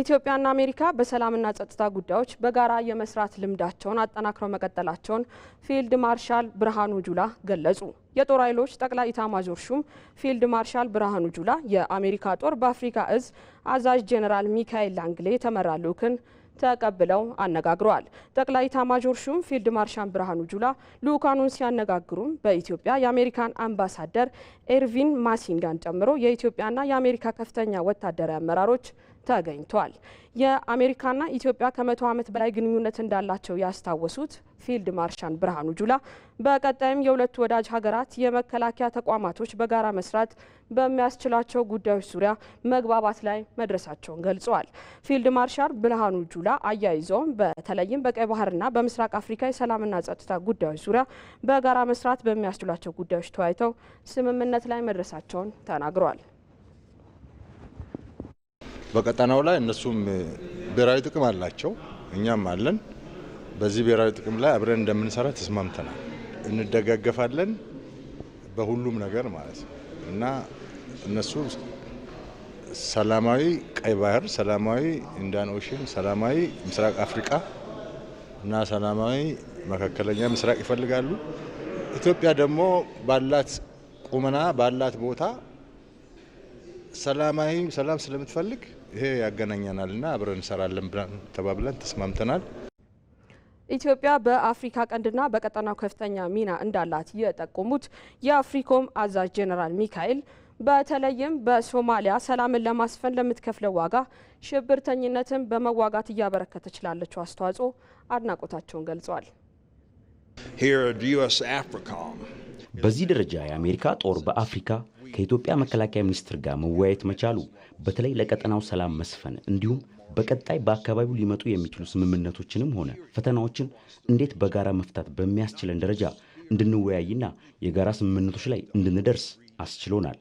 ኢትዮጵያና አሜሪካ በሰላምና ጸጥታ ጉዳዮች በጋራ የመስራት ልምዳቸውን አጠናክረው መቀጠላቸውን ፊልድ ማርሻል ብርሃኑ ጁላ ገለጹ። የጦር ኃይሎች ጠቅላይ ኢታማዦር ሹም ፊልድ ማርሻል ብርሃኑ ጁላ የአሜሪካ ጦር በአፍሪካ እዝ አዛዥ ጄኔራል ሚካኤል ላንግሌ የተመራ ልዑክን ተቀብለው አነጋግረዋል። ጠቅላይ ኢታማዦር ሹም ፊልድ ማርሻል ብርሃኑ ጁላ ልዑካኑን ሲያነጋግሩም በኢትዮጵያ የአሜሪካን አምባሳደር ኤርቪን ማሲንጋን ጨምሮ የኢትዮጵያና የአሜሪካ ከፍተኛ ወታደራዊ አመራሮች ተገኝቷል። የአሜሪካና ኢትዮጵያ ከመቶ ዓመት በላይ ግንኙነት እንዳላቸው ያስታወሱት ፊልድ ማርሻል ብርሃኑ ጁላ በቀጣይም የሁለቱ ወዳጅ ሀገራት የመከላከያ ተቋማቶች በጋራ መስራት በሚያስችላቸው ጉዳዮች ዙሪያ መግባባት ላይ መድረሳቸውን ገልጸዋል። ፊልድ ማርሻል ብርሃኑ ጁላ አያይዘውም በተለይም በቀይ ባህርና በምስራቅ አፍሪካ የሰላምና ጸጥታ ጉዳዮች ዙሪያ በጋራ መስራት በሚያስችላቸው ጉዳዮች ተወያይተው ስምምነት ላይ መድረሳቸውን ተናግረዋል። በቀጠናው ላይ እነሱም ብሔራዊ ጥቅም አላቸው፣ እኛም አለን። በዚህ ብሔራዊ ጥቅም ላይ አብረን እንደምንሰራ ተስማምተናል። እንደጋገፋለን በሁሉም ነገር ማለት ነው እና እነሱ ሰላማዊ ቀይ ባህር፣ ሰላማዊ ኢንዲያን ኦሽን፣ ሰላማዊ ምስራቅ አፍሪካ እና ሰላማዊ መካከለኛ ምስራቅ ይፈልጋሉ። ኢትዮጵያ ደግሞ ባላት ቁመና ባላት ቦታ ሰላማዊ ሰላም ስለምትፈልግ ይሄ ና አብረን እንሰራለን ብለን ተባብለን ተስማምተናል። ኢትዮጵያ በአፍሪካ ቀንድና በቀጠናው ከፍተኛ ሚና እንዳላት የጠቆሙት የአፍሪኮም አዛዥ ጄኔራል ሚካኤል በተለይም በሶማሊያ ሰላምን ለማስፈን ለምትከፍለው ዋጋ ሽብርተኝነትን በመዋጋት እያበረከተች ላለችው አስተዋጽኦ አድናቆታቸውን ገልጸዋል። በዚህ ደረጃ የአሜሪካ ጦር በአፍሪካ ከኢትዮጵያ መከላከያ ሚኒስትር ጋር መወያየት መቻሉ በተለይ ለቀጠናው ሰላም መስፈን እንዲሁም በቀጣይ በአካባቢው ሊመጡ የሚችሉ ስምምነቶችንም ሆነ ፈተናዎችን እንዴት በጋራ መፍታት በሚያስችለን ደረጃ እንድንወያይና የጋራ ስምምነቶች ላይ እንድንደርስ አስችሎናል።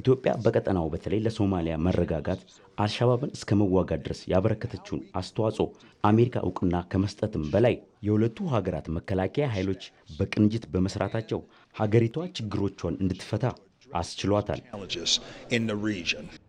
ኢትዮጵያ በቀጠናው በተለይ ለሶማሊያ መረጋጋት አልሻባብን እስከ መዋጋት ድረስ ያበረከተችውን አስተዋጽኦ አሜሪካ እውቅና ከመስጠትም በላይ የሁለቱ ሀገራት መከላከያ ኃይሎች በቅንጅት በመስራታቸው ሀገሪቷ ችግሮቿን እንድትፈታ the region.